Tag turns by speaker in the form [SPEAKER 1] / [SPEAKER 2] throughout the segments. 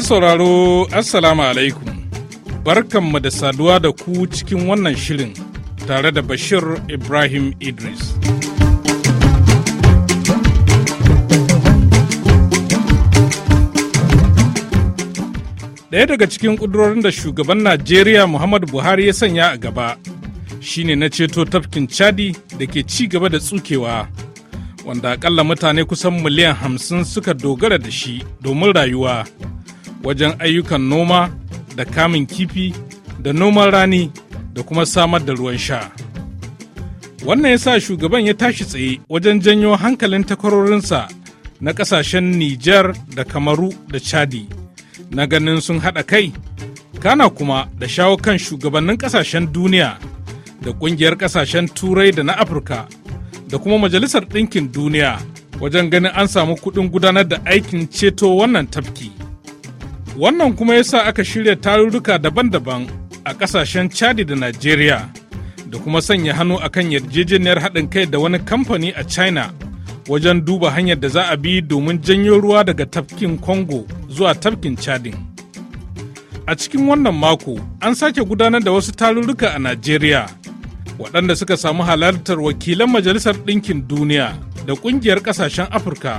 [SPEAKER 1] Masu sauraro Assalamu alaikum barkanmu da saduwa da ku cikin wannan shirin tare da Bashir Ibrahim Idris. Ɗaya daga cikin ƙudurorin da shugaban Najeriya Muhammadu Buhari ya sanya a gaba shine na ceto tafkin Chadi da ke ci gaba da tsukewa. wanda akalla mutane kusan miliyan hamsin suka dogara da shi domin rayuwa wajen ayyukan noma da kamun kifi da noman rani da kuma samar da ruwan sha. Wannan ya sa shugaban ya tashi tsaye wajen janyo hankalin takwarorinsa na kasashen Nijar da Kamaru da Chadi na ganin sun haɗa kai, kana kuma da shawo kan shugabannin kasashen duniya da ƙungiyar kasashen Turai da na Afirka da kuma Majalisar Ɗinkin Duniya wajen ganin an samu kuɗin gudanar da aikin ceto wannan tafki. Wannan kuma yasa aka shirya tarurruka daban-daban a ƙasashen Chadi da Najeriya da kuma sanya hannu a kan yarjejeniyar haɗin kai da wani kamfani a China wajen duba hanyar da za a bi domin janyo ruwa daga tafkin Congo zuwa tafkin Chadin. A cikin wannan mako an sake gudanar da wasu tarurruka a Najeriya waɗanda suka samu halartar wakilan Majalisar Ɗinkin Duniya da ƙungiyar ƙasashen Afirka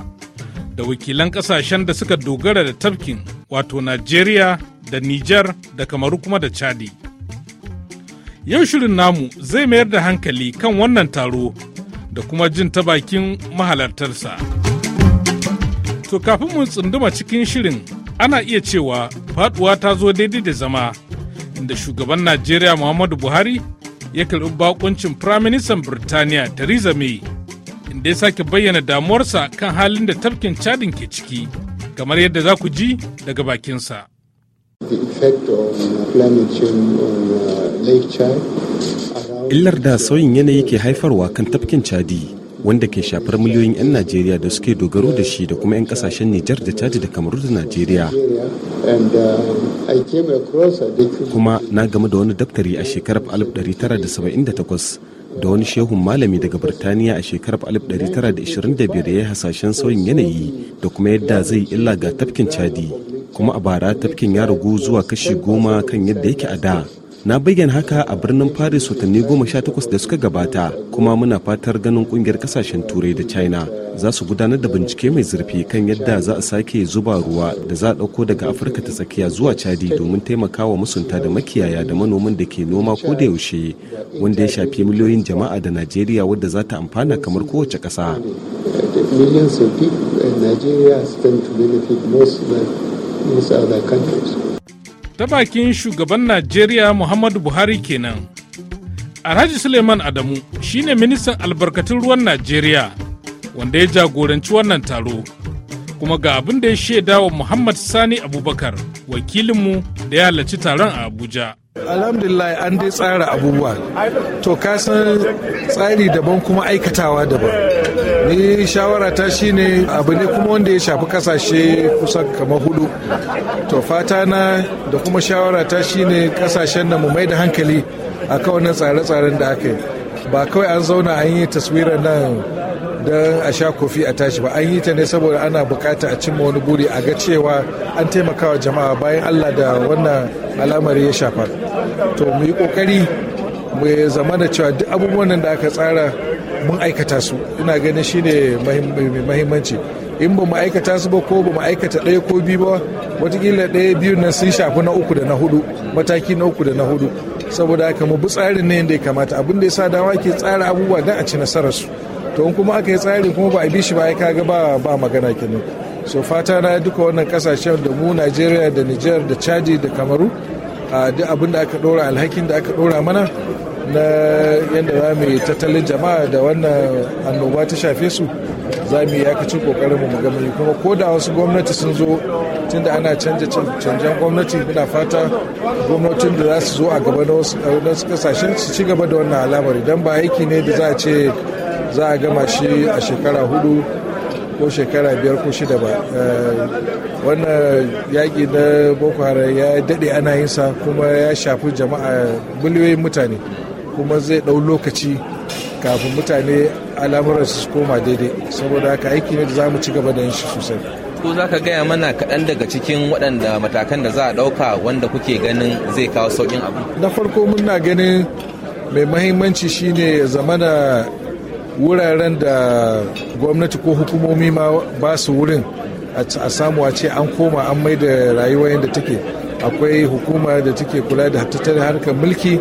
[SPEAKER 1] da wakilan ƙasashen da suka dogara da tafkin. wato Najeriya da Nijar da Kamaru kuma da Chadi. Yau shirin namu zai mayar da hankali kan wannan taro da kuma jin ta bakin mahalartarsa. To kafin mu tsunduma cikin shirin ana iya cewa faduwa ta zo daidai da zama inda shugaban Najeriya Muhammadu Buhari ya karɓi bakuncin Firaministan Birtaniya Theresa May inda ya sake bayyana damuwarsa kan halin da tafkin cadin ke ciki. kamar yadda za ku ji daga bakinsa.
[SPEAKER 2] Uh,
[SPEAKER 3] Illar da sauyin yanayi ke haifarwa kan tafkin Chadi wanda ke shafar miliyoyin 'yan Najeriya da suke dogaro da shi da kuma 'yan kasashen Nijar da Chadi da Kamaru da Najeriya. Uh, kuma na game da wani daftari a shekarar 1978 da wani shehun malami daga birtaniya a shekarar 1925 ya yi hasashen sauyin yanayi da kuma yadda zai illa ga tafkin chadi kuma a bara tafkin ya ragu zuwa kashi goma kan yadda yake a da na bayyana haka a birnin paris watanni goma sha takwas da suka gabata kuma muna fatar ganin kungiyar kasashen turai da china za su gudanar da bincike mai zurfi kan yadda za a sake zuba ruwa da za a ɗauko daga afirka ta tsakiya zuwa chadi domin taimakawa musunta da makiyaya da manoman da ke noma ko da yaushe wanda ya shafi miliyoyin jama'a da najeriya wadda za ta amfana kamar kowace ƙasa
[SPEAKER 2] millions of people in Nigeria to benefit most than most other countries.
[SPEAKER 1] ta bakin shugaban najeriya muhammadu buhari kenan alhaji suleiman adamu shine ministan albarkatun ruwan najeriya wanda ya jagoranci wannan taro kuma ga abin da ya shaida wa muhammad sani abubakar wakilinmu da ya halarci taron a abuja
[SPEAKER 4] alhamdulillah an dai tsara abubuwa to kasan tsari daban kuma aikatawa daban ni shawara ta shine abu ne kuma wanda ya shafi kasashe kusan kamar hudu to fata na da kuma shawara ta shine kasashen da mu mai da hankali a wannan tsare-tsaren da aka yi ba kawai an zauna an yi taswirar nan don a sha kofi a tashi ba an yi ta ne saboda ana bukata a cimma wani buri a ga cewa an taimakawa jama'a bayan allah da wannan al'amari ya shafa to mu yi kokari mu zama da cewa duk abubuwan da aka tsara mun aikata su ina ganin shine mahimmanci in ba mu aikata su ba ko ba mu aikata ɗaya ko biyu ba watakila ɗaya biyu nan sun shafi na uku da na hudu mataki na uku da na hudu saboda haka mu bi tsarin ne yadda ya kamata abin da ya sa dama ke tsara abubuwa don a ci nasararsu to in kuma aka yi tsari kuma ba a bi shi ba ya kaga ba ba magana kenan so fata na duka wannan kasashen da mu Najeriya da Niger da Chadi da Kamaru duk abin da aka dora alhakin da aka dora mana na yadda za mu yi tattalin jama'a da wannan annoba ta shafe su za mu yi yakacin kokarin mu ga mai kuma ko da wasu gwamnati sun zo tunda ana canja canjan gwamnati muna fata gwamnatin da za su zo a gaba na wasu kasashen su ci gaba da wannan alamar idan ba aiki ne da za a ce za a gama shi a shekara hudu ko shekara biyar ko shida ba eh, wannan yaƙi na boko haram ya daɗe ana yin sa kuma ya shafi jama'a miliyoyin mutane kuma zai ɗau lokaci kafin mutane al'amuran su koma daidai saboda haka aiki ne da za mu ci gaba da yin shi sosai
[SPEAKER 5] ko za ka gaya mana kaɗan daga cikin waɗanda matakan da za a ɗauka wanda kuke ganin zai kawo sauƙin abu
[SPEAKER 4] na farko muna ganin mai mahimmanci shine zamana wuraren da gwamnati ko hukumomi ma ba su wurin a samu a ce an koma an mai da rayuwa yadda take akwai hukuma da take kula da tattalin harkar mulki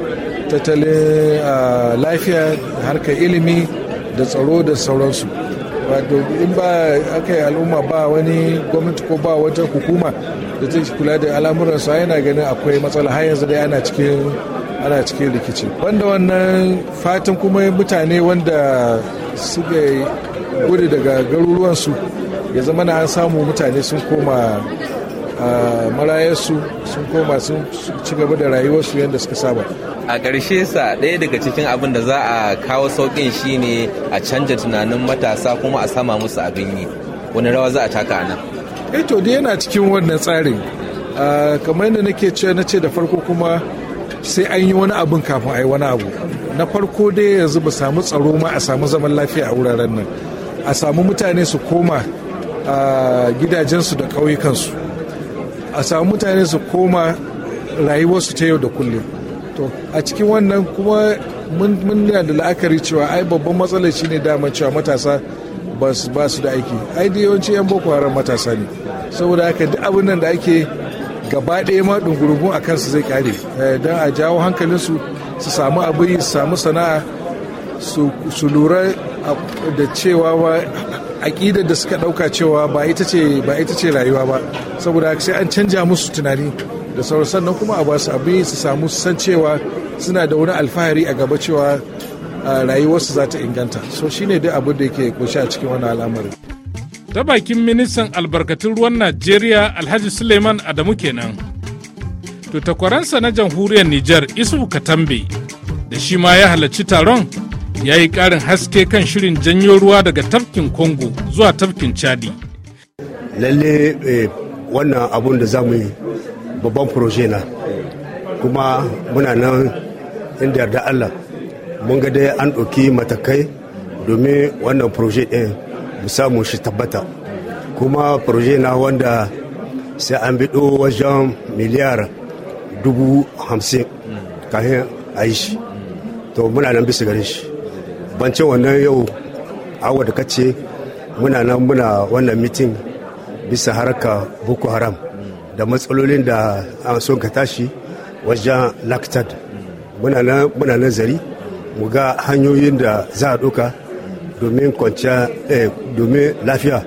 [SPEAKER 4] tattalin lafiya harkar ilimi da tsaro da sauransu wato in ba aka yi al'umma ba wani gwamnati ko ba wata hukuma da take kula da al'amuransu yana ganin akwai matsala har yanzu dai ana cikin ana cikin rikici wanda wannan fatan kuma mutane wanda suka gudu daga garuruwansu ya zama na an samu mutane sun koma marayarsu sun koma sun ci gaba da rayuwarsu yadda suka saba
[SPEAKER 5] a ƙarshe sa ɗaya daga cikin abin da za a kawo sauƙin shine a canja tunanin matasa kuma a sama musu abin yi wani rawa za a taka a nan
[SPEAKER 4] eto eh dai yana cikin wannan tsarin kamar yadda nake ce na ce da farko kuma sai an yi wani abin kafin a yi wani abu na farko dai yanzu ba samu tsaro ma a samu zaman lafiya a wuraren nan a samu mutane su koma a gidajensu da ƙauyukansu a samu mutane su koma rayuwarsu ta yau da kullum to a cikin wannan kuma mun da la'akari cewa ai babban matsalar shine dama cewa matasa ba su da aiki ai da yawanci yan boko haram matasa ne saboda haka duk abin nan da ake gaba ɗaya ma ɗungurungun a kansu zai kare eh, don a jawo hankalinsu su samu abin su samu sana'a su lura da cewa ba aƙidar da suka ɗauka cewa ba ita ce ba ita ce rayuwa ba saboda sai an canja musu tunani da sauran sannan kuma a basu abin su samu san cewa suna da wani alfahari a gaba cewa rayuwarsu za ta inganta so shine dai abin da yake kunshi a cikin wani al'amarin
[SPEAKER 1] ta bakin ministan albarkatun ruwan najeriya alhaji suleiman adamu kenan to takwaransa na jamhuriyar niger isu katambe da shi ma ya halarci taron ya yi karin haske kan shirin janyo ruwa daga tafkin congo zuwa tafkin chadi
[SPEAKER 6] lalle eh, wannan abun da za mu yi babban proje na kuma muna nan inda yarda allah mun ga dai an ɗauki matakai domin wannan proje ɗin samu shi tabbata kuma proje na wanda sai an biɗo wajen miliyar dubu hamsin kafin a yi shi to muna nan bisa garin shi bancin wannan yau awa da kace muna nan muna wannan mitin bisa haraka boko haram da matsalolin da an son ka tashi wajen lactad muna nan zari mu ga hanyoyin da za a doka. domin kwanciya eh, domin lafiya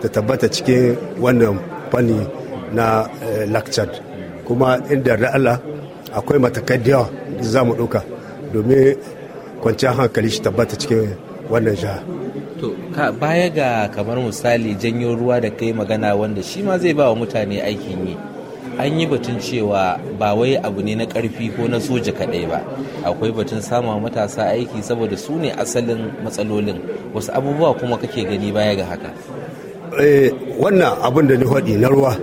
[SPEAKER 6] ta tabbata cikin wannan fanni na eh, lakcar kuma inda da Allah akwai matakai da yawa za mu ɗauka domin kwanciya hankali shi tabbata cikin wannan jiha.
[SPEAKER 5] To, baya ga kamar misali janyo ruwa da kai magana wanda shi ma zai ba wa mutane aikin yi. an yi batun cewa ba wai abu ne na karfi ko na soja kaɗai ba akwai batun samu matasa aiki saboda su ne asalin matsalolin wasu abubuwa kuma kake gani baya ga haka
[SPEAKER 6] eh, wannan abin da ni faɗi na ruwa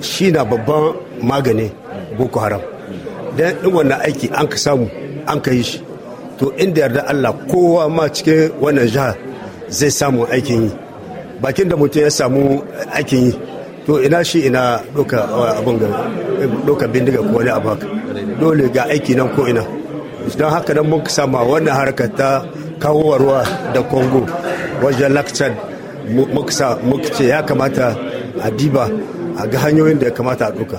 [SPEAKER 6] shi na babban magani boko haram don in wannan aiki an ka samu an ka yi shi to inda yarda allah kowa ma cikin wannan jihar zai samu aikin yi bakin da mutum ya samu aikin yi to ina shi ina doka eh, abin ga doka bindiga ko wani abu haka dole ga aiki nan ko ina don haka nan mun sama wannan harkar ta kawowarwa da congo wajen lakcan muka ce ya kamata a diba a ga hanyoyin da ya kamata a doka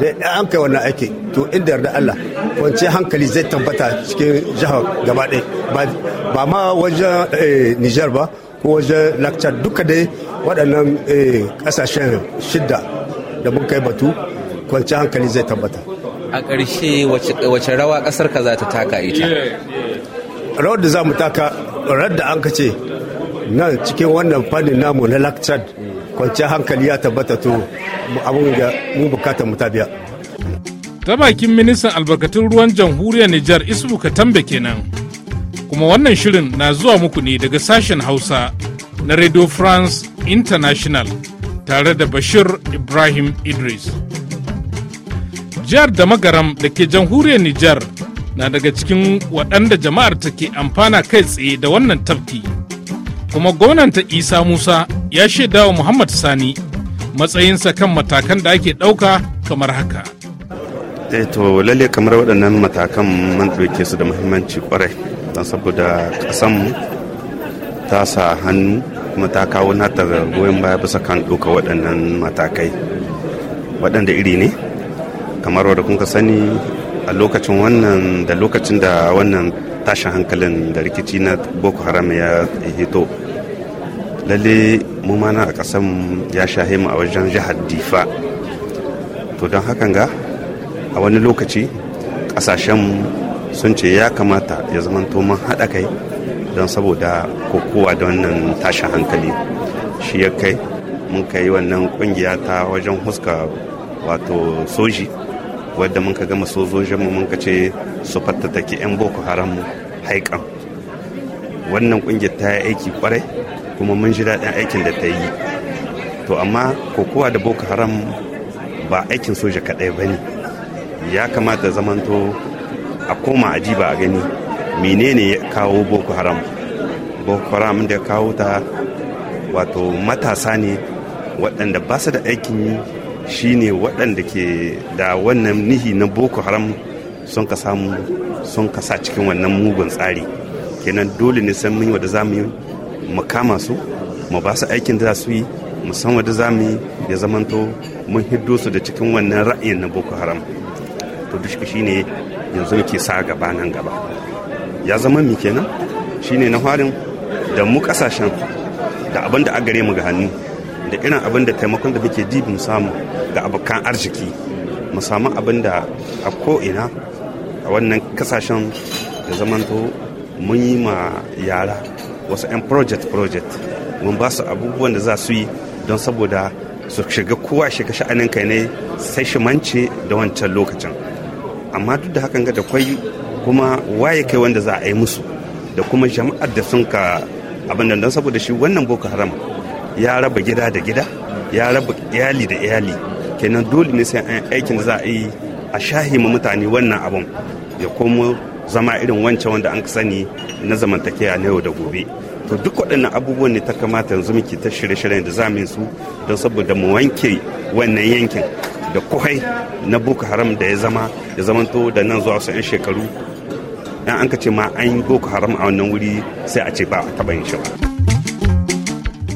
[SPEAKER 6] da an kai wannan aiki to inda yarda Allah wancan hankali zai tambata cikin jihar gaba ɗaya ba ma wajen eh, Nijar ba ko wajen lakcar duka dai waɗannan eh, ƙasashen shidda da mun kai batu kwanci hankali zai tabbata
[SPEAKER 5] a ƙarshe wace rawa ƙasar ka za ta taka ita
[SPEAKER 6] rawar da za mu taka rawar da an ka ce nan cikin wannan fannin namu na lakcar kwanci hankali ya tabbata to abin da mu bukatar mu tabiya
[SPEAKER 1] ta bakin ministan albarkatun ruwan jamhuriyar Nijar ka Katambe kenan. kuma wannan shirin na zuwa muku ne daga sashen Hausa na Radio France International tare da Bashir Ibrahim Idris. Jihar da magaram da ke jamhuriyar Nijar na daga cikin waɗanda jama'ar ta ke amfana kai tsaye da wannan tafki. Kuma gwamnanta Isa Musa ya shaidawa Muhammad Sani matsayinsa kan matakan da ake ɗauka kamar haka.
[SPEAKER 3] Eh, to lalle kamar waɗannan matakan man ɗauke su da muhimmanci kwarai don saboda kasan ta sa hannu kuma ta kawo nata goyon baya bisa kan ɗauka waɗannan matakai waɗanda iri ne kamar wadda kun ka sani a lokacin wannan da lokacin da wannan tashin hankalin da rikici na boko haram ya hito lalle mu mana a kasan ya shahe mu a wajen jihar difa to don hakan ga a wani lokaci ƙasashen sun ce ya kamata ya zamanto mun haɗa kai don saboda kokowa da wannan tashin hankali shi ya kai mun kai wannan kungiya ta wajen huska wato soji wadda mun ka gama sojojinmu mun ka ce su fattattake 'yan boko haram haikan wannan kungiyar ta yi aiki kwarai kuma mun ji daɗin aikin da ta yi to amma kokowa da boko haram ba aikin soja kaɗai ba ne ya kamata zamanto a koma a ba a gani menene ya kawo boko haram boko haram da ya kawo ta wato matasa ne waɗanda ba su da aikin yi shi ne waɗanda ke da wannan nihi na boko haram sun ka samu sun kasa cikin wannan mugun tsari kenan dole ne san mun da za mu yi mu kama su mu ba su aikin da za su yi mu san wanda za mu yi ya zamanto mun hiddo su da cikin wannan ra'ayin na boko haram to duk ne. yanzu muke sa gaba nan gaba ya zama mi kenan shine na harin da mu kasashen da abin da agare mu ga hannu da irin abin da taimakon da muke dibin samu ga abokan arziki mu samu abin da a ko'ina a wannan kasashen da zamanto mun yi ma yara wasu 'yan project project mun ba su abubuwan da za su yi don saboda su shiga kowa shiga sha'anin kai ne sai shi mance da wancan lokacin amma duk da hakan ga da kwai kuma waye kai wanda za a yi musu da kuma jama'ar da sun ka abin da don saboda shi wannan boko haram ya raba gida da gida ya raba iyali da iyali kenan dole ne sai an aikin da za a yi a ma mutane wannan abin ya komo zama irin wancan wanda an sani na zamantakewa na yau da gobe to duk waɗannan abubuwan ne ta kamata yanzu muke ta shirye-shiryen da za mu su don saboda mu wanke wannan yankin da kohai na boko haram da ya zama ya zamanto da nan zuwa wasu 'yan shekaru yan an ka ce ma an yi boko haram a wannan wuri sai a ce ba a taɓa yin shi ba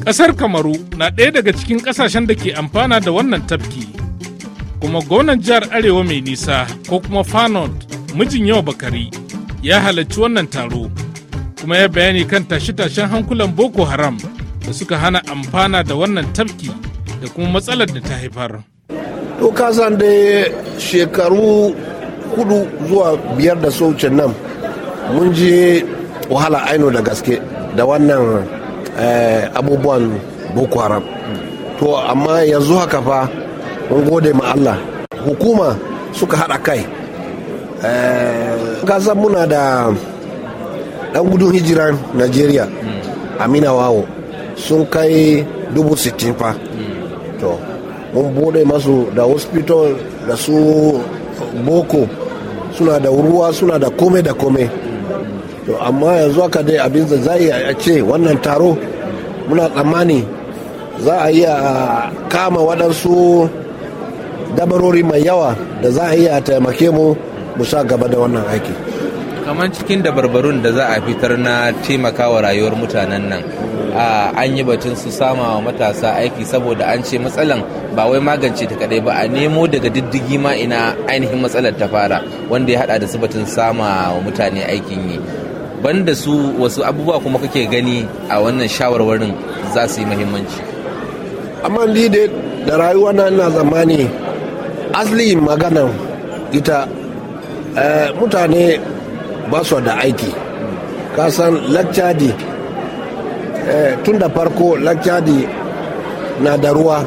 [SPEAKER 1] ƙasar kamaru na ɗaya daga cikin ƙasashen da ke amfana da wannan tafki kuma gwamnan jihar arewa mai nisa ko kuma fanod mijin yau bakari ya halarci wannan taro kuma ya bayani kan tashe-tashen hankulan boko haram da suka hana amfana da wannan tafki da kuma matsalar da ta haifar.
[SPEAKER 2] to kasan da shekaru hudu zuwa biyar da saucin nan mun ji wahala aino da gaske da wannan eh, abubuwan boko haram to amma yanzu haka fa mun gode ma Allah hukuma suka haɗa kai eh, kasan muna da dan gudun hijiran nigeria amina wawo sun kai dubu sittin fa mun bude masu da hospital da su boko suna da ruwa suna da kome da kome to amma yanzu haka dai abin da za a ce wannan taro muna tsammani za a iya kama waɗansu dabarori mai yawa da za a iya taimake mu mu sa gaba da wannan
[SPEAKER 5] aiki kamar cikin dabarbarun da za a fitar na taimakawa rayuwar mutanen nan an yi batun su sama wa matasa aiki saboda an ce matsalan ba wai magance ta kadai ba a nemo daga diddigi ma ina ainihin matsalar ta fara wanda ya hada da su batun sama wa mutane aikin yi banda su wasu abubuwa kuma kake gani a wannan shawarwarin za su yi muhimmanci
[SPEAKER 2] amma ni da rayuwa na ina zamani asli maganan ita eh, mutane ba su da aiki kasan lakcadi eh, tun da farko lakcadi na da ruwa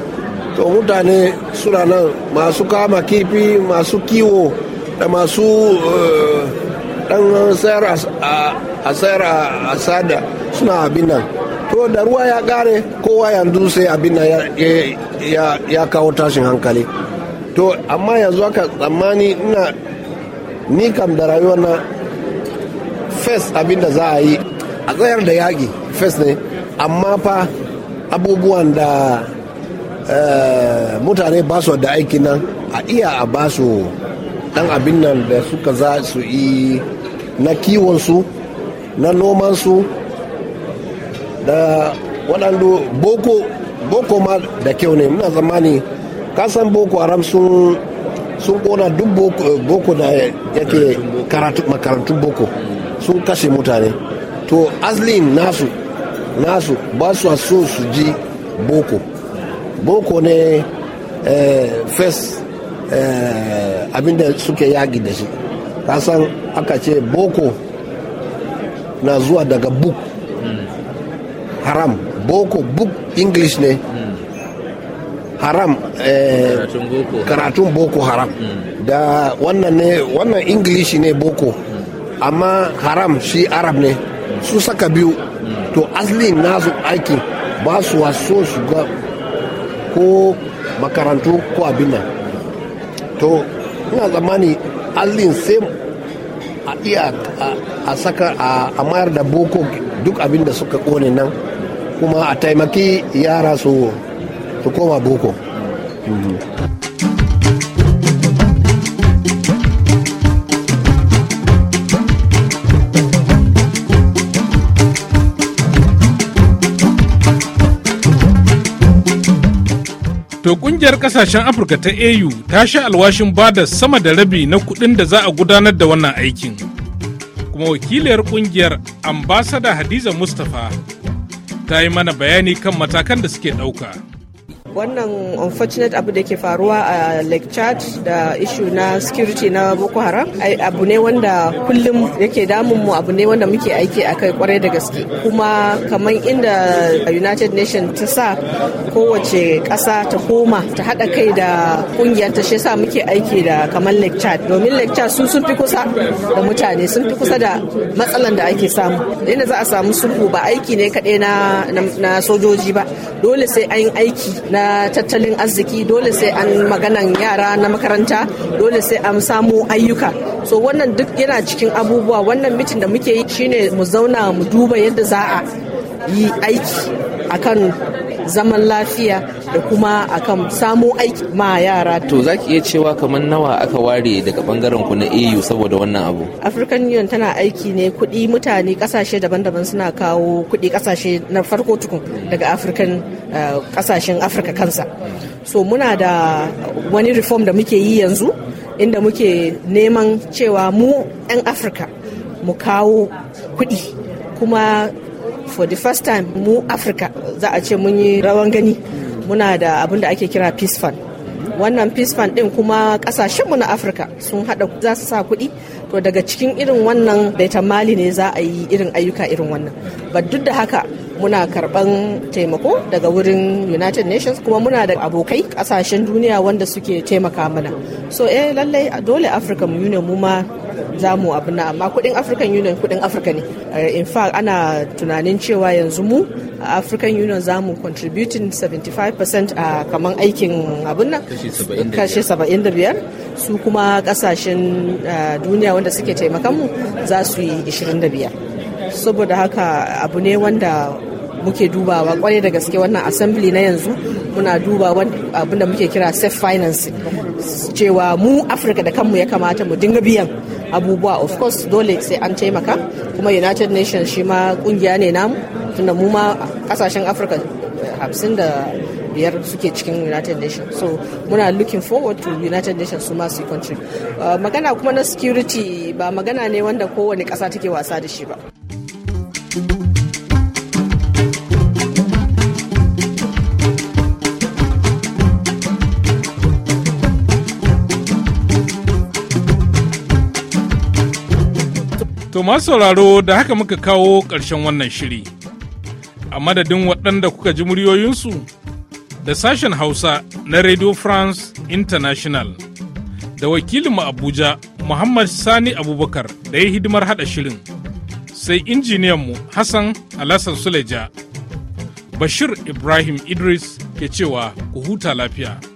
[SPEAKER 2] to mutane suna nan masu kama kifi masu kiwo da masu eh, dan sayar a sayar a sada suna abin nan to da ruwa ya kare kowa yanzu sai abin nan ya kawo tashin hankali to amma yanzu aka tsammani ina ni kam da rayuwar na fes abin da za a yi a tsayar da yaƙi fes ne amma fa abubuwan da eh, mutane ba su da aiki nan a iya a ba su dan abin nan da suka za su yi na kiwonsu na nomansu da waɗandu boko boko ma da kyau ne muna zamani kasan boko haram sun sun kona duk eh, boko da yake makarantun boko sun kashe mutane to azlin nasu nasu ba su so su ji boko boko ne eh, first eh, abinda suke yagi da shi san aka ce boko na zuwa daga book haram boko book english ne haram eh, karatun boko haram mm. da wannan ne wannan english ne boko amma haram shi arab ne su saka biyu to asli nasu aiki ba su waso su ga ko makarantu ko abin nan to ina zamani aslin sai a iya a saka a mayar da boko duk abin da suka kone nan kuma a taimaki yara su koma boko mm-hmm.
[SPEAKER 1] To kungiyar kasashen Afirka ta AU ta sha alwashin bada sama da rabi na kudin da za a gudanar da wannan aikin. Kuma wakiliyar kungiyar ambasada Hadiza Mustapha ta yi mana bayani kan matakan da suke ɗauka.
[SPEAKER 7] Wannan unfortunate abu da ke faruwa a Lake Chad da ishu na security na Boko Haram abu ne wanda kullum yake damun mu abu ne wanda muke aiki a kai kwarai da gaske. Kuma kamar inda United Nations ta sa kowace ƙasa ta koma ta haɗa kai da ƙungiyar ta sa muke aiki da kamar Lake Chad domin Lake Chad su sun fi kusa da mutane sun fi kusa da matsalan da ake samu. Inda za a samu sulhu ba aiki ne kaɗai na sojoji ba dole sai an aiki na tattalin arziki dole sai an maganan yara na makaranta dole sai an samu ayyuka so wannan duk yana cikin abubuwa wannan mitin da muke yi shine mu zauna mu duba yadda za a yi aiki akan zaman lafiya da kuma akan samo aiki ma yara. To
[SPEAKER 5] za ki iya cewa kamar nawa aka ware daga bangaren ku na EU saboda wannan abu?
[SPEAKER 7] African Union tana aiki ne kuɗi mutane ƙasashe daban-daban suna kawo kuɗi ƙasashe na farko tukun daga African kasashen eh, Afirka kansa. So muna da wani reform da muke yi yanzu inda muke neman cewa mu 'yan Afirka mu kawo kuɗi kuma for the first time mu africa za a ce mun yi rawan gani muna da abin da ake kira peace fund wannan peace fund din kuma kasashenmu na africa sun hada za su sa kuɗi to daga cikin irin wannan baitan mali ne za a yi irin ayyuka irin wannan ba duk da haka muna karban taimako daga wurin united nations kuma muna da abokai kasashen duniya wanda suke taimaka mana so eh lallai dole africa mu ne mu ma za mu abu na amma kudin african union kudin africa ne eh, in fact ana tunanin cewa yanzu mu a african union za mu contributing 75% a kaman aikin abin nan kashe 75 su kuma kasashen eh, duniya wanda suke taimakanmu za su yi 25 saboda haka abu ne wanda muke dubawa kwarai da gaske wannan assembly na yanzu muna duba abinda muke kira self financing cewa mu afirka da kanmu ya kamata mu dinga biyan abubuwa of course dole sai an taimaka kuma united nations shi ma kungiya ne namu tunda mu ma kasashen afirka eh, hamsin da biyar suke cikin united nations so muna looking forward to united nations su masu country uh, magana kuma na security ba magana ne wanda kowane kasa take wasa da shi ba
[SPEAKER 1] To masu sauraro da haka muka kawo ƙarshen wannan shiri. A madadin waɗanda kuka ji muryoyinsu da sashen Hausa na Radio France International da wakilinmu Abuja Muhammad Sani Abubakar da ya hidimar haɗa shirin sai mu Hassan Alassan Suleja. Bashir Ibrahim Idris ke cewa ku huta lafiya.